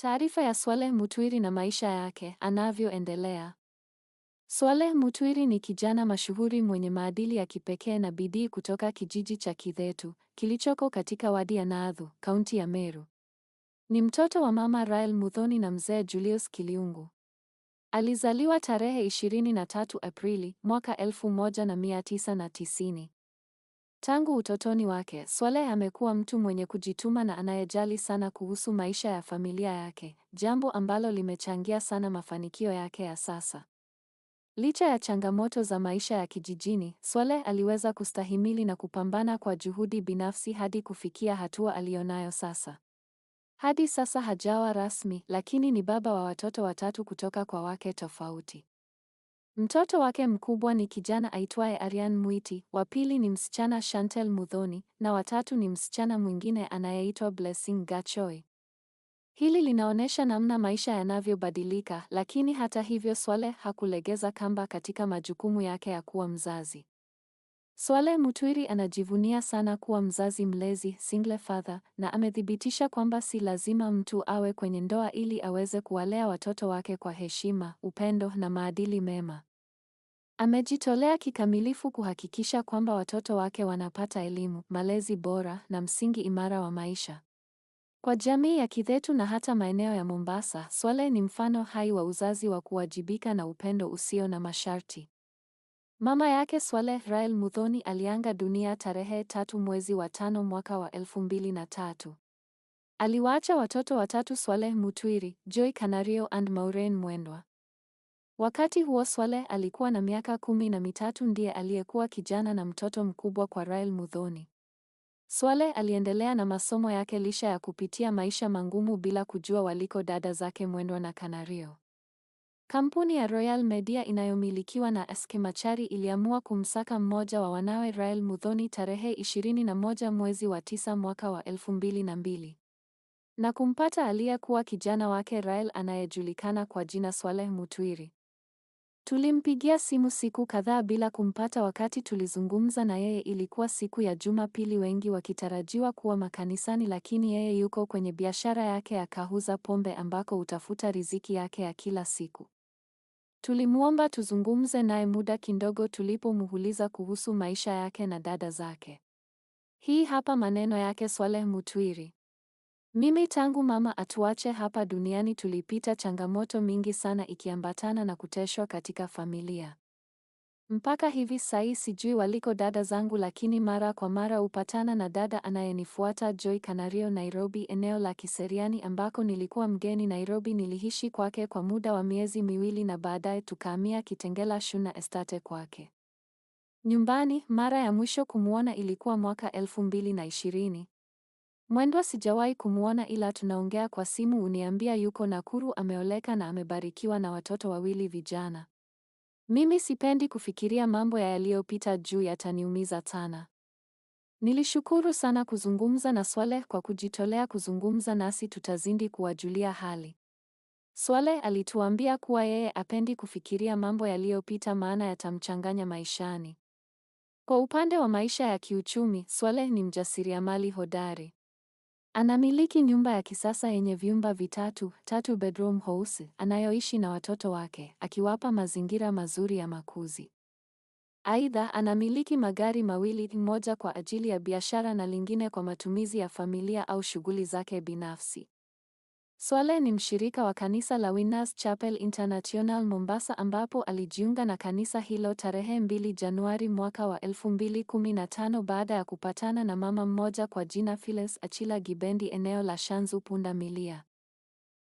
Taarifa ya Swaleh Mutwiri na maisha yake anavyoendelea. Swaleh Mutwiri ni kijana mashuhuri mwenye maadili ya kipekee na bidii kutoka kijiji cha Kidhetu kilichoko katika wadi ya Nadhu, kaunti ya Meru. Ni mtoto wa Mama Rael Muthoni na Mzee Julius Kiliungu. Alizaliwa tarehe 23 Aprili mwaka 1990. Tangu utotoni wake, Swaleh amekuwa mtu mwenye kujituma na anayejali sana kuhusu maisha ya familia yake, jambo ambalo limechangia sana mafanikio yake ya sasa. Licha ya changamoto za maisha ya kijijini, Swaleh aliweza kustahimili na kupambana kwa juhudi binafsi hadi kufikia hatua aliyonayo sasa. Hadi sasa hajawa rasmi, lakini ni baba wa watoto watatu kutoka kwa wake tofauti. Mtoto wake mkubwa ni kijana aitwaye Arian Mwiti, wa pili ni msichana Chantel Mudhoni, na watatu ni msichana mwingine anayeitwa Blessing Gachoi. Hili linaonyesha namna maisha yanavyobadilika, lakini hata hivyo Swale hakulegeza kamba katika majukumu yake ya kuwa mzazi. Swale Mutwiri anajivunia sana kuwa mzazi mlezi, single father, na amethibitisha kwamba si lazima mtu awe kwenye ndoa ili aweze kuwalea watoto wake kwa heshima, upendo na maadili mema. Amejitolea kikamilifu kuhakikisha kwamba watoto wake wanapata elimu, malezi bora na msingi imara wa maisha. Kwa jamii ya Kidhetu na hata maeneo ya Mombasa, Swale ni mfano hai wa uzazi wa kuwajibika na upendo usio na masharti. Mama yake Swale, Rael Muthoni, alianga dunia tarehe tatu mwezi wa tano mwaka wa elfu mbili na tatu. Aliwaacha watoto watatu Swale Mutwiri, Joy canario and Maureen Mwendwa. Wakati huo Swaleh alikuwa na miaka kumi na mitatu ndiye aliyekuwa kijana na mtoto mkubwa kwa Rael Mudhoni. Swaleh aliendelea na masomo yake licha ya kupitia maisha mangumu bila kujua waliko dada zake Mwendwa na Kanario. Kampuni ya Royal Media inayomilikiwa na SK Machari iliamua kumsaka mmoja wa wanawe Rael Mudhoni tarehe 21 mwezi wa 9 mwaka wa 2002 na kumpata aliyekuwa kijana wake Rael anayejulikana kwa jina Swaleh Mutwiri. Tulimpigia simu siku kadhaa bila kumpata. Wakati tulizungumza na yeye ilikuwa siku ya Jumapili, wengi wakitarajiwa kuwa makanisani, lakini yeye yuko kwenye biashara yake ya kahuza pombe ambako utafuta riziki yake ya kila siku. Tulimwomba tuzungumze naye muda kidogo tulipomuuliza kuhusu maisha yake na dada zake. Hii hapa maneno yake Swaleh Mutwiri. Mimi tangu mama atuache hapa duniani tulipita changamoto mingi sana ikiambatana na kuteshwa katika familia. Mpaka hivi sai sijui waliko dada zangu lakini mara kwa mara hupatana na dada anayenifuata Joy Kanario Nairobi eneo la Kiseriani ambako nilikuwa mgeni Nairobi nilihishi kwake kwa muda wa miezi miwili na baadaye tukahamia Kitengela Shuna Estate kwake. Nyumbani mara ya mwisho kumuona ilikuwa mwaka elfu mbili na ishirini. Mwendwa sijawahi kumwona ila tunaongea kwa simu, uniambia yuko Nakuru, ameoleka na amebarikiwa na watoto wawili vijana. Mimi sipendi kufikiria mambo ya yaliyopita juu yataniumiza sana. Nilishukuru sana kuzungumza na Swaleh kwa kujitolea kuzungumza nasi, tutazindi kuwajulia hali. Swaleh alituambia kuwa yeye apendi kufikiria mambo yaliyopita maana yatamchanganya maishani. Kwa upande wa maisha ya kiuchumi, Swaleh ni mjasiriamali hodari. Anamiliki nyumba ya kisasa yenye vyumba vitatu, tatu bedroom house, anayoishi na watoto wake, akiwapa mazingira mazuri ya makuzi. Aidha, anamiliki magari mawili, moja kwa ajili ya biashara na lingine kwa matumizi ya familia au shughuli zake binafsi. Swale ni mshirika wa kanisa la Winners Chapel International Mombasa ambapo alijiunga na kanisa hilo tarehe 2 Januari mwaka wa 2015 baada ya kupatana na mama mmoja kwa jina Phyllis Achila Gibendi eneo la Shanzu punda milia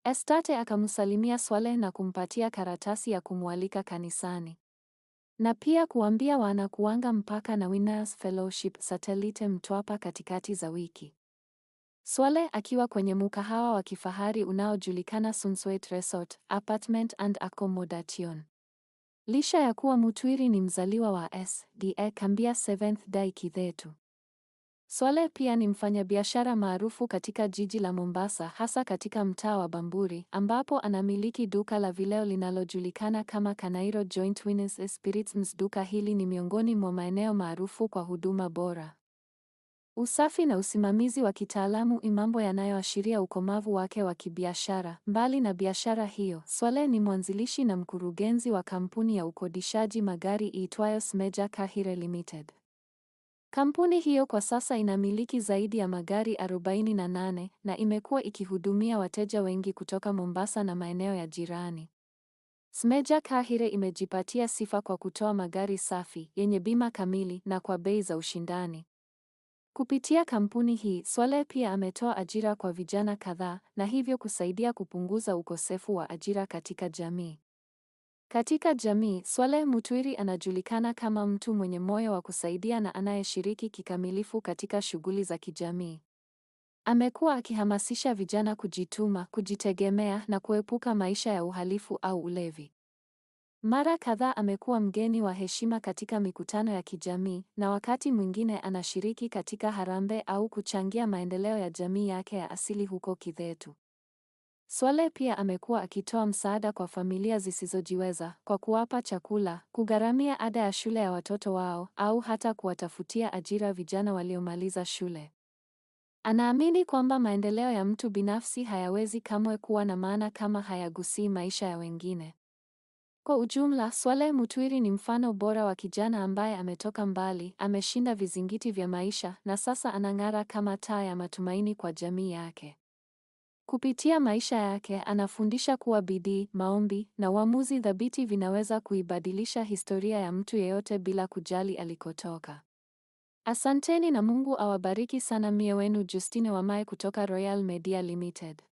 Estate akamsalimia Swale na kumpatia karatasi ya kumwalika kanisani na pia kuambia wanakuanga mpaka na Winners Fellowship Satellite Mtwapa katikati za wiki. Swale akiwa kwenye mkahawa wa kifahari unaojulikana Sunset Resort, Apartment and Accommodation. Lisha ya kuwa Mutwiri ni mzaliwa wa SDA Kambia Seventh Day Kidhetu. Swale pia ni mfanyabiashara maarufu katika jiji la Mombasa hasa katika mtaa wa Bamburi ambapo anamiliki duka la vileo linalojulikana kama Kanairo Joint Winners Spirits. Duka hili ni miongoni mwa maeneo maarufu kwa huduma bora. Usafi na usimamizi wa kitaalamu ni mambo yanayoashiria ukomavu wake wa kibiashara. Mbali na biashara hiyo, Swaleh ni mwanzilishi na mkurugenzi wa kampuni ya ukodishaji magari iitwayo Smeja Kahire Limited. Kampuni hiyo kwa sasa inamiliki zaidi ya magari 48 na imekuwa ikihudumia wateja wengi kutoka Mombasa na maeneo ya jirani. Smeja Kahire imejipatia sifa kwa kutoa magari safi, yenye bima kamili na kwa bei za ushindani. Kupitia kampuni hii, Swaleh pia ametoa ajira kwa vijana kadhaa na hivyo kusaidia kupunguza ukosefu wa ajira katika jamii. Katika jamii, Swaleh Mutwiri anajulikana kama mtu mwenye moyo wa kusaidia na anayeshiriki kikamilifu katika shughuli za kijamii. Amekuwa akihamasisha vijana kujituma, kujitegemea na kuepuka maisha ya uhalifu au ulevi. Mara kadhaa amekuwa mgeni wa heshima katika mikutano ya kijamii na wakati mwingine anashiriki katika harambee au kuchangia maendeleo ya jamii yake ya asili huko Kidhetu. Swale pia amekuwa akitoa msaada kwa familia zisizojiweza kwa kuwapa chakula, kugharamia ada ya shule ya watoto wao au hata kuwatafutia ajira vijana waliomaliza shule. Anaamini kwamba maendeleo ya mtu binafsi hayawezi kamwe kuwa na maana kama hayagusii maisha ya wengine. Kwa ujumla, Swaleh Mutwiri ni mfano bora wa kijana ambaye ametoka mbali, ameshinda vizingiti vya maisha na sasa anang'ara kama taa ya matumaini kwa jamii yake. Kupitia maisha yake, anafundisha kuwa bidii, maombi na uamuzi thabiti vinaweza kuibadilisha historia ya mtu yeyote bila kujali alikotoka. Asanteni na Mungu awabariki sana. Mie wenu Justine Wamae kutoka Royal Media Limited.